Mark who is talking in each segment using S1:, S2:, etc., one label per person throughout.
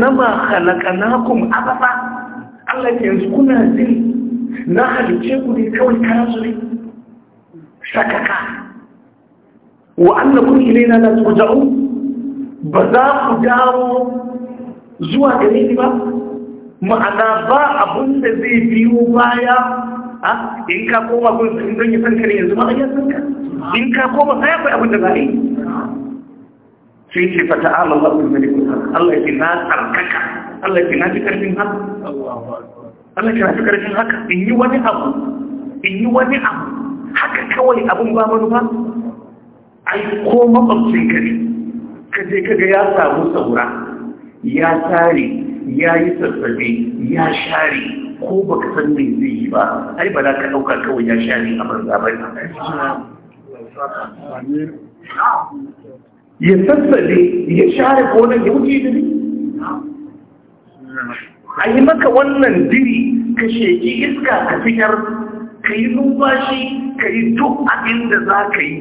S1: annama khalaqnakum abafa Allah ke yanzu kuna jin na halice ku ne kawai kana shakaka ne wa annakum ilayna la turja'u ba za ku dawo zuwa gare ni ba ma'ana ba abun da zai biyo baya ah, in ka koma gurin sun yi san ka ne yanzu ma ya san ka in ka koma sai akwai abin da za a yi sai ce fata ala Allah ku zai kusa Allah ya na tsarkaka Allah ya na fi karfin haka Allah ya na fi karfin haka in yi wani abu in yi wani abu haka kawai abin ba ba? ai ko makwabcin gari ka je kaga ya samu saura ya tare ya yi sassabe ya share ko baka san me zai yi ba ai ba za ka ɗauka kawai ya share a banza ba ne ya tattale ya share gonar ya wuce diri a yi maka wannan diri ka sheki iska ka fitar ka yi numfashi ka yi duk abin da za ka yi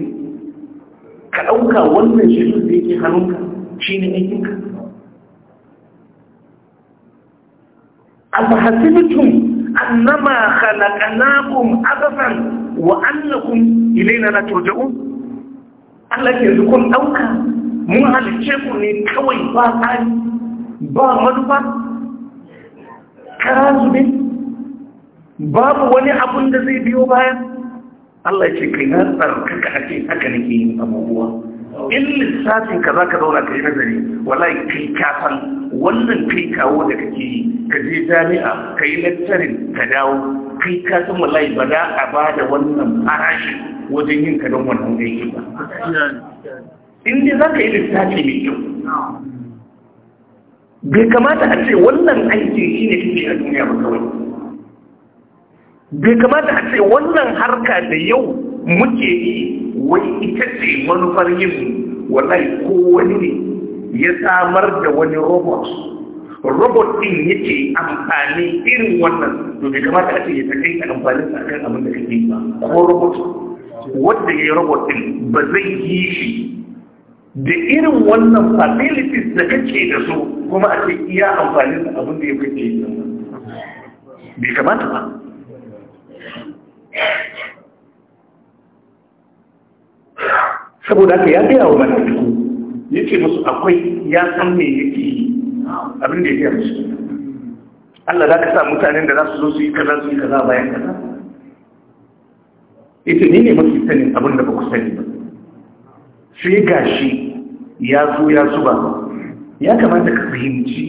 S1: ka ɗauka wannan shirin da yake hannunka shi ne aikinka أفحسبتم أنما خلقناكم عبثا وأنكم إلينا لا ترجعون Allah yanzu kun ɗauka mun halice ku ne kawai ba tsari ba manufa kara zube babu wani abun da zai biyo bayan Allah ce kai na tsarkaka ake haka nake yin abubuwa in lissafin ka za ka zauna ka yi nazari wallahi kai kafan wannan kai kawo da kake yi ka je jami'a ka yi lantarin, ka dawo kai kasan wallahi ba za a ba da wannan farashin wajen yin kadan wannan gaiki ba Inde za ka yi littafi mai kyau bai kamata a ce wannan aiki shi ne kake a duniya ba kawai bai kamata a ce wannan harka da yau muke yi wai ita ce manufar yin wallahi ko wani ne ya samar da wani robot robot din yake amfani irin wannan to bai kamata a ce ya ta kai amfanin sa kan abin da kake yi ba ko robot wanda ya yi robot din ba zai yi shi da irin wannan facilities da kake da su kuma a ce iya amfani da abin da ya kake yi bai kamata ba saboda haka ya gaya wa mala'iku ya ce musu akwai ya san me yake yi abin da ya gaya musu Allah za ka sa mutanen da za su zo su yi kaza su yi kaza bayan kaza ita ne ne sanin abin da ba ku sani ba sai gashi ya zo ya zuba ya kamata ka fahimci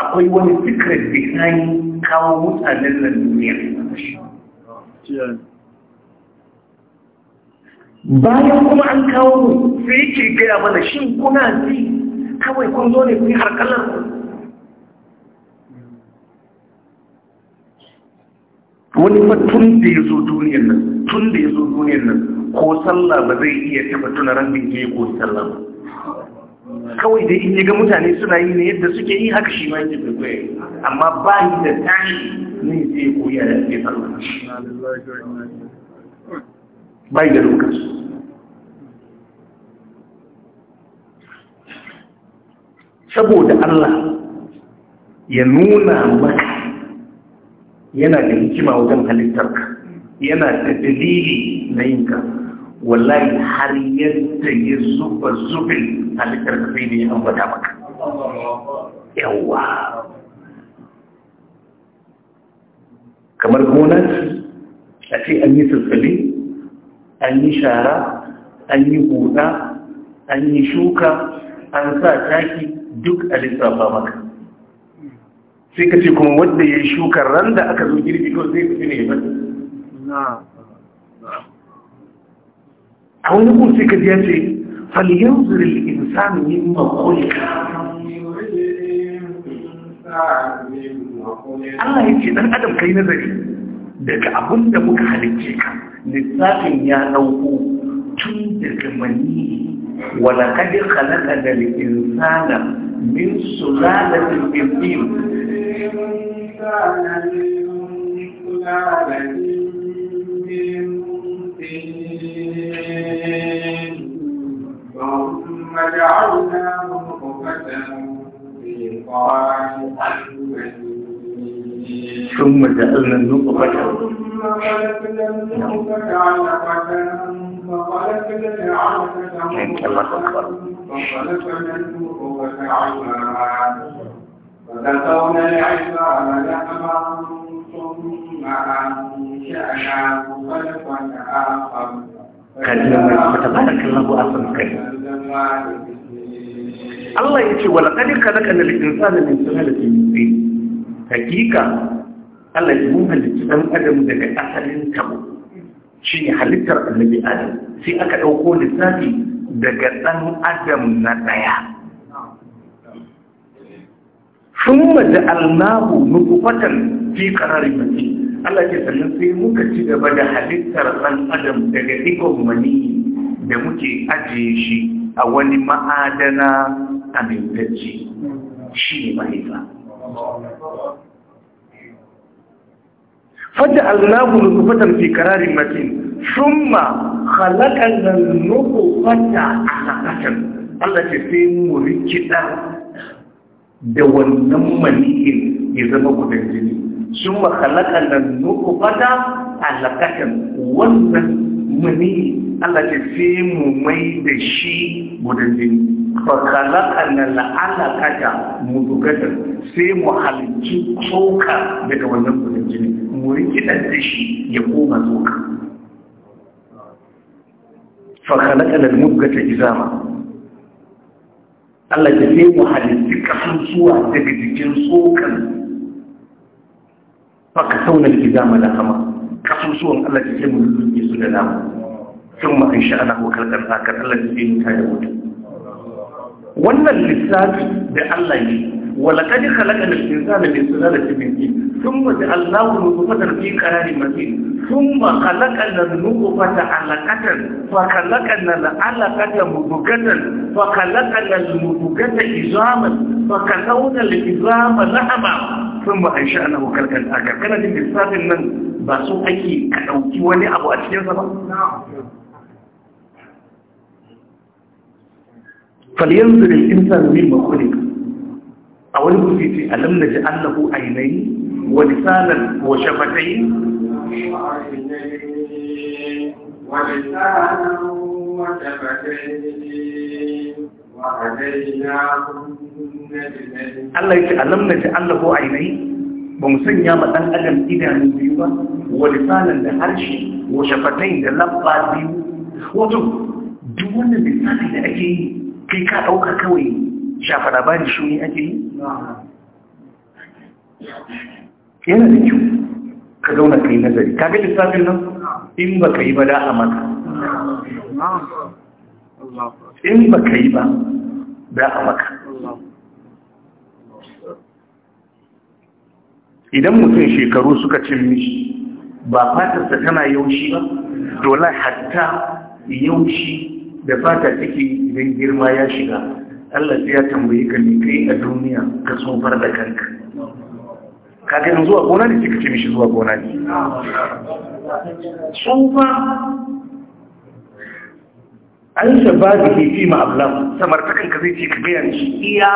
S1: akwai wani secret behind kawo mutanen nan duniya bayan kuma an kawo mu sai yake gaya mana shin kuna ji kawai kun zo ne kun harkalar ku wani fa tun da ya zo duniyar nan tun da ya zo duniyar nan ko sallah ba zai iya taba tuna ran da ko sallah ba kawai da in ga mutane suna yi ne yadda suke yi haka shi ma yake kwaikwaye amma ba yi da tashi ne zai koya da ke sallah ba yi da lokaci saboda Allah ya nuna maka yana da hikima wajen halittarka yana da dalili na yinka wallahi har yadda ya zuba zubin halittar ka sai ne ya ambata maka yawa kamar gona a ce an yi sassale an yi shara an yi huda an yi shuka an sa taki duk a lissafa maka sai ka ce kuma wanda ya yi shukar ran da aka zo girbi to zai fi ne ba a wani kun sai ka ji ya ce faliyan zurin insani yin makolika Allah ya ce ɗan adam kai nazari daga abin da muka halicce ka lissafin ya ɗauko tun daga mani wala kadi halaka da insana min su sulalatin bibin ثم في ثم جعلنا النطفة ثم خلقنا النطفة علقة فخلقنا العلقة مضغة فخلقنا النطفة وتسون العظام لحما ثم أنشأناه خلقا آخر Allah ya ce wa laƙari ka zaka na da min sulalatin min tin hakika Allah ya mun halittu ɗan adam daga asalin tabo shi ne halittar annabi adam sai aka ɗauko lissafi daga ɗan adam na ɗaya sun maji alnahu nufufatan fi ƙararin mace Allah ke sannan sai muka ci gaba da halittar ɗan adam daga ikon mani da muke ajiye shi a wani ma'adana amintacci shi ne mahaifa fata alnahu nufufatan fi ƙararin mace sun ma halakanar nufufata a halakan Allah ke sai mu rikidar da wannan maniyin ya zama gudan jini sun makalaka da nufata alakatan wannan mani Allah ce sai mu mai da shi gudan jini fakalaka na la'alakata dogata sai mu halittu tsoka daga wannan gudan jini mu rikidar da shi ya koma tsoka Fa fakalaka da nufata izama Allah ya sai mu halitta kasusuwa daga jikin tsokan faka saunar izama da hama kasusuwan Allah ya sai mu zuke su da namu sun shi ana ko karkar zakar Allah ya sai mu tare mutu wannan lissafi da Allah ya yi walakadi halakar insana min sulalatin min tin ثم جعلناه نطفة في قرار مكين ثم خلقنا النطفة علقة فخلقنا العلقة مضغة فخلقنا المضغة عظاما فكسونا العظام لحما ثم أنشأناه خلقا آخر كان دي lissafin nan ba so ake ka ɗauki wani abu a cikinsa ba? falyanzu da insan min makonik a wani kusurci alam na ji allahu ainihi ولسانا وشفتين ولسانا وشفتين Allah ya ce alam na ji Allah ko ainihi ba mu sanya ma ɗan adam idanu biyu ba Wani lisanin da harshe wa shafatain da labba biyu wato duk wannan lisanin da ake yi kai ka ɗauka kawai shafa labari shuni ake yi yana da kyau ka zauna ka yi nazari ka ga safin nan in ba ka yi ba da a maka in ba ka yi ba da a maka idan mutum shekaru suka cin mishi ba fatarsa tana yaushi ba dole hatta yaushi da fata take idan girma ya shiga Allah ya tambayi ka ne kai a duniya ka tsofar da kanka kaga in zuwa gona ne suka ce mishi zuwa gona ne tsufa an da ke fi ma'ablan samartakan ka zai ce ka gaya shi iya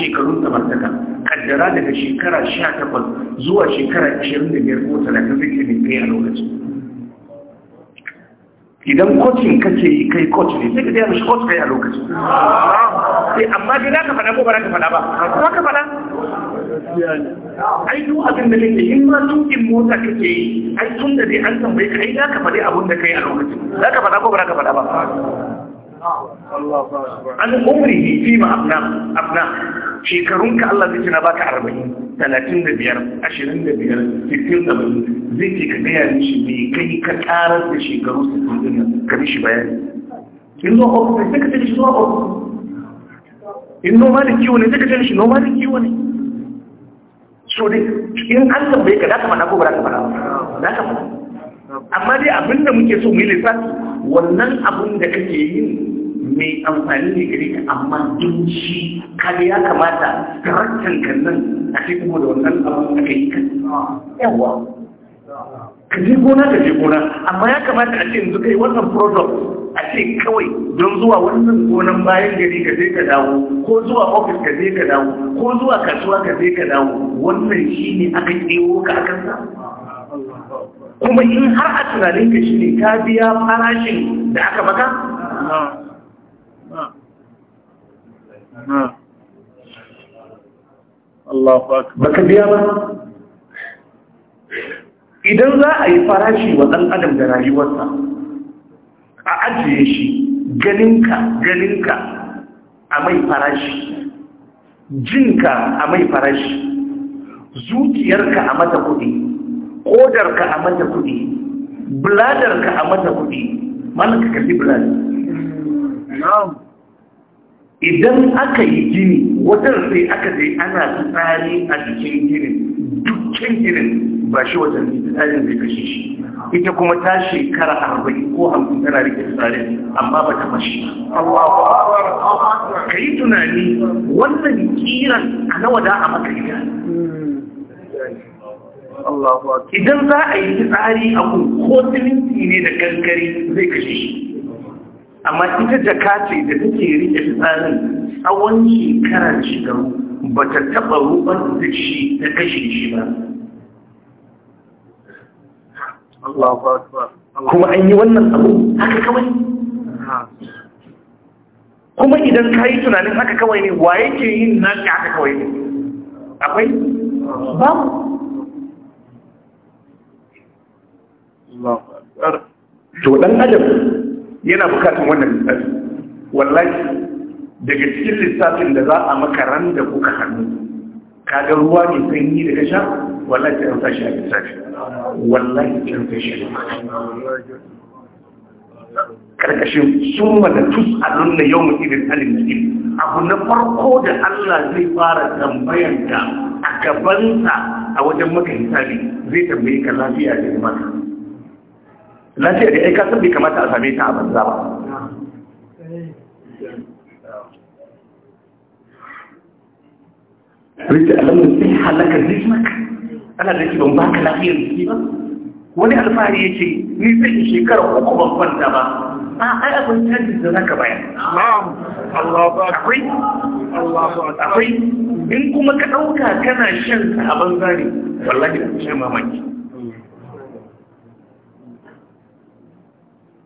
S1: shekarun samartaka kaddara daga shekara 18 zuwa shekara 25 ko 30 zai ce mai kai a idan kocin kake yi kai kocin ne sai ka gaya mashi kocin kai a Sai amma dai za ka fada ko ba za ka fada ba ka faɗa ai duk abin da kake in ma tukin mota kake yi ai tun da dai an tambayi ka ai za ka faɗi abin da kai a lokacin za ka faɗa ko ba za ka faɗa ba an umri fi ma abna abna shekarun ka Allah zai tuna baka arba'in talatin da biyar ashirin da biyar sittin da bayu zai ce ka gaya mishi me kai ka karar da shekaru sittin din nan ka mishi bayani in zo ofis sai ka ce shi zo ofis in noma da kiwo ne sai ka ce shi noma da kiwo ne so dai in an tambaye ka da ka mana ko ba da ka fara da ka fara amma dai abin da muke so mu yi lissafi wannan abin da kake yi mai amfani ne gare ka amma duk shi kare ya kamata rantan kan nan a cikin da wannan abin da kake yi yawa ka je gona ka je gona amma ya kamata a ce yanzu kai wannan product a ce kawai don zuwa wannan gonan bayan gari ka je ka dawo ko zuwa office ka je ka dawo ko zuwa kasuwa ka je ka dawo wannan shine aka kewo ka akan sa kuma in har a tunanin ka shine ka biya farashin da aka maka Allah ba ka biya ba idan za a yi farashi wa ɗan adam da rayuwarsa a ajiye shi ganinka ganinka a mai farashi jinka a mai farashi zuciyarka a mata kuɗi ƙodarka a mata kuɗi bladarka a mata kuɗi malaka kalli bladar idan aka yi gini wajen sai aka je ana tsari a jikin ginin dukkan ginin ba shi watanni fitsarin zai kashe shi ita kuma ta shekara arba'in ko hamsin tana rike fitsarin amma ba ta mashi ka yi tunani wannan kiran a na da a maka ita idan za a yi fitsari a kun ko siminti ne da kankari zai kashe shi amma ita jaka ce da take rike fitsarin tsawon shekarar shigaru ba ta taɓa ruɓar da shi ta kashe shi ba kuma an yi wannan abu haka kawai kuma idan ka yi tunanin haka kawai ne wa yake yin nashi haka kawai ne akwai mu? to dan adam yana bukatun wannan lissafi wallahi daga cikin lissafin da za a makaran da kuka hannu ga ruwa mai sanyi daga sha wallahi sai an shi a lissafi wallahi sai an shi a lissafi karkashin summa da tus'alun na yau mutum alin mutum abu na farko da Allah zai fara tambayanta a gabansa a wajen maka hisabi zai tambaye ka lafiya da ya maka lafiya da ya ka san bai kamata a same ta a banza ba rike alamun sai halakar maka? ana da ki ban ba ka lafiyar jiki ba wani alfahari ya ce ni zai shekara uku ban kwanta ba a ai abin canji da zaka bayar akwai akwai in kuma ka ɗauka kana shan a banza ne wallahi da shan mamaki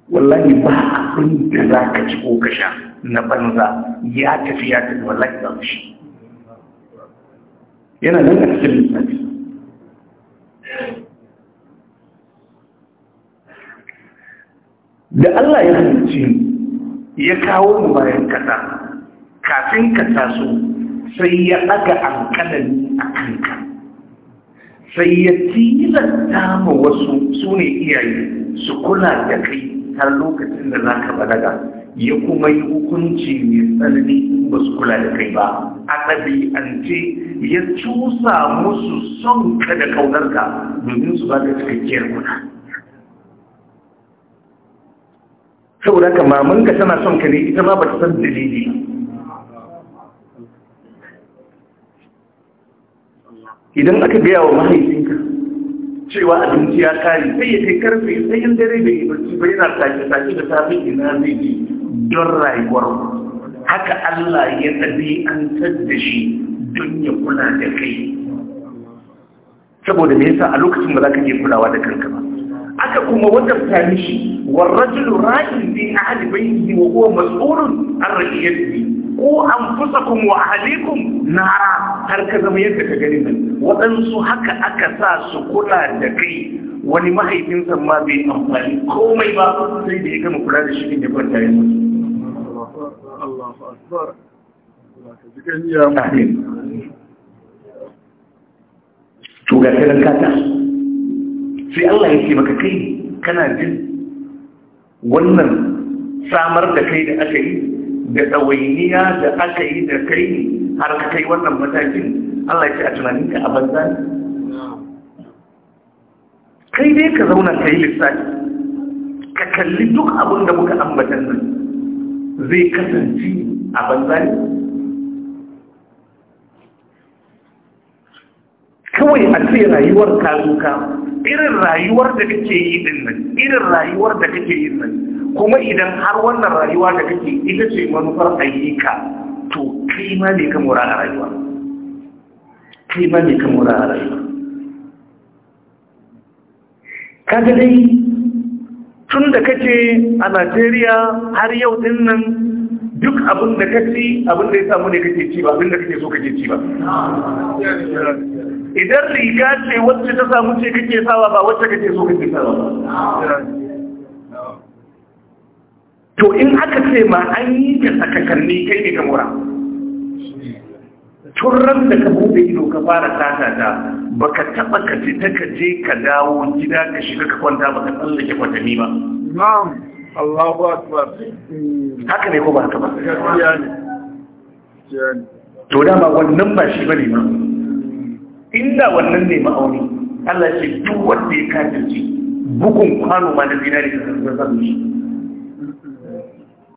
S1: wallahi ba abin da za ka ci ko ka na banza ya tafi ya tafi wallahi za shi yana nan a cikin lissafi da Allah ya halicci ya kawo mu bayan kasa kafin ka taso sai ya ɗaga ankalani a kanka sai ya tilasta ma wasu su ne iyaye su kula da kai har lokacin da za ka balaga ya kuma yi hukunci mai tsanani ba su kula da kai ba a ɗabi'ance ya cusa musu son ka da kaunarka domin su ba da cikakkiyar kuna saboda ka mamanka tana son ka ne ita ma ba ta san dalili idan aka gaya wa mahaifinka cewa abinci ya kare sai ya kai karfe sai yin dare bai barci ba yana tashi tashi da safe ina zai ji don rayuwar haka Allah ya tsabi an tadda shi don ya kula da kai saboda me yasa a lokacin ba za ka ke kulawa da kanka ba aka kuma wadanta mishi warrajul ra'in fi ahli baytihi wa huwa mas'ulun an ra'iyatihi ko an fusakum wa ahlikum nara har ka zama yadda ka gani nan waɗansu haka aka sa su kula da kai wani san ma bai amfani komai ba sai da ya gama kula da shi ne ban ya mutu Allahu akbar Amin. Tuga sai Allah yake maka kai kana jin wannan samar da kai da aka yi da ɗawainiya da aka yi da kai har ka kai wannan matakin Allah ya ce a tunaninka a banza
S2: kai dai ka zauna
S1: ka yi lissafi ka kalli duk abin da muka ambatan nan zai kasance a banza kawai a ce rayuwar ka irin rayuwar da kake yi din nan irin rayuwar da kake yi nan kuma idan har wannan rayuwa da kake ita ce manufar ayyuka to kai ma ne ka mura a rayuwa kai ma ne ka mura a rayuwa kaga dai tun da kake a Najeriya har yau din nan duk abin da kaci abin da ya samu ne kake ci ba abin da kake so kake ci ba idan riga ce wacce ta samu ce kake sawa ba wacce kake so kake sawa ba to in aka ce ma an yi ka sakakanni kai ne ka mura turan da ka bude ido ka fara tata ta baka taba ka ta ka je ka dawo gida ka shiga ka kwanta ba ka tsallake kwatanni ba Allahu akbar haka ne ko ba haka ba to dama wannan ba shi bane ma inda wannan ne ma'auni Allah ce duk wanda ya kafirce bugun kwano ma da zinari da zan zan shi